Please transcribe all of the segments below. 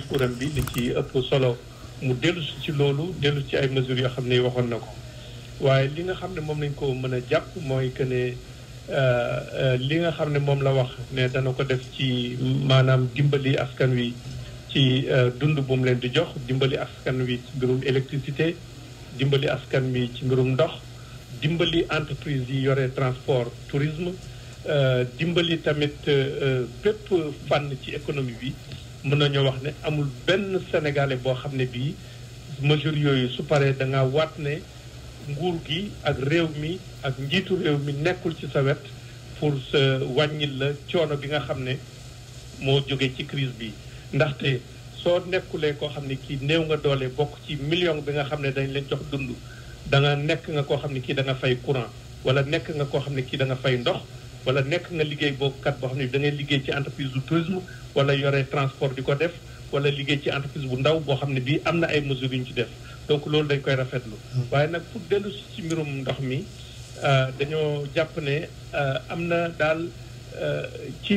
discours bi li ci ëpp solo mu dellu ci loolu dellu ci ay mesures yoo xam ne waxoon na ko waaye li nga xam ne moom lañ ko mën a jàpp mooy que ne euh, euh, li nga xam ne moom la wax ne dana ko def ci maanaam dimbali askan wi ci euh, dund bu mu leen di jox dimbali askan wi ci mbirum électricité dimbali askan wi ci mbirum ndox dimbali entreprise yi yore transport tourisme dimbali tamit bépp fànn ci économie bi mën nañoo wax ne amul benn sénégalais boo xam ne bii mesure yooyu su paree da ngaa waat ne nguur gi ak réew mi ak njiitu réew mi nekkul ci sa wet pour sa wàññil la coono bi nga xam ne moo jógee ci crise bi ndaxte soo nekkulee koo xam ne kii néew nga doole bokk ci million bi nga xam ne dañ leen jox dund da nekk nga koo xam ne kii danga fay courant wala nekk nga koo xam ne kii da nga fay ndox wala nekk nga liggéey boobu kat boo xam ne da ngay liggéey ci entreprise du tourisme wala yore transport di ko def wala liggéey ci entreprise bu ndaw boo xam ne bii am na ay mesures yu ñu ci def donc loolu dañ koy rafetlu. Hmm. waaye nag pour dellu ci mbirum ndox mi euh, dañoo jàpp ne euh, am na daal euh, ci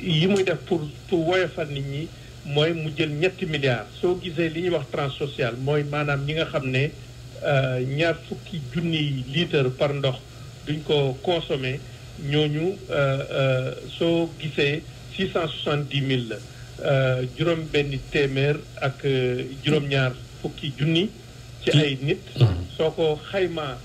yi muy def pour pour woyofal nit ñi mooy mu jël ñetti milliards. soo gisee li ñuy wax tranche sociale mooy maanaam ñi nga xam ne ñaar fukki junniy litre par ndox duñ ko consommer. ñooñu euh, euh, soo euh, six cent soixante dix mille la euh, juróom ak juróom-ñaar fukki junni ci ay nit mhm. soko xayma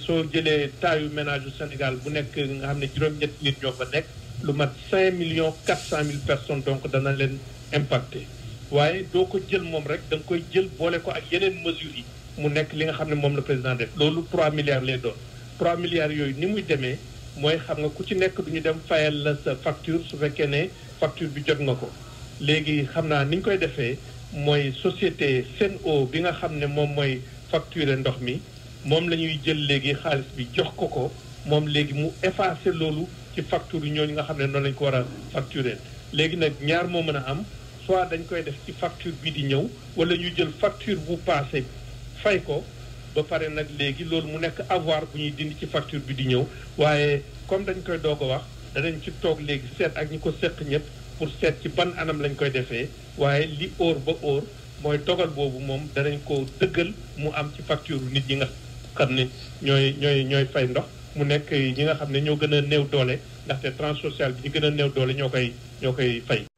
so jëlé jëlee taayu ménage u Sénégal bu nek nga xamné ne juróom nit ñoo fa nekk lu mat cinq millions quatre cent personnes donc dana len impacté waaye doo ko jël mom rek dang koy jël boole ko ak yeneen mesures yi mu nek li nga xamné mom moom la président def lolu 3 milliards lay do 3 milliards yoy ni muy démé mooy xam nga ku ci nekk du ñu dem fayal la sa facture su fekkee ne facture bi jot nga ko léegi xam naa ni ñu koy defee mooy société o bi nga xam ne moom mooy facturer ndox mi moom la ñuy jël léegi xaalis bi jox ko ko moom léegi mu effacer loolu ci facture yi ñooñu nga xam ne noonu lañu ko war a facturer léegi nag ñaar moo mën a am soit dañ koy def ci facture bii di ñëw wala ñuy jël facture bu passé fay ko ba pare nag léegi loolu mu nekk avoir bu ñuy dind ci facture bi di ñëw waaye comme dañ koy doo ko wax danañ ci toog léegi seet ak ñi ko seq ñëpp pour seet ci ban anam lañ koy defee waaye li óor ba óor mooy dogal boobu moom danañ ko dëggal mu am ci facture nit ñi nga xam ne ñooy ñooy ñooy fay ndox mu nekk ñi nga xam ne ñoo gën a néew doole ndaxte tranche sociale bi ñu gën a néew doole ñoo koy ñoo koy fay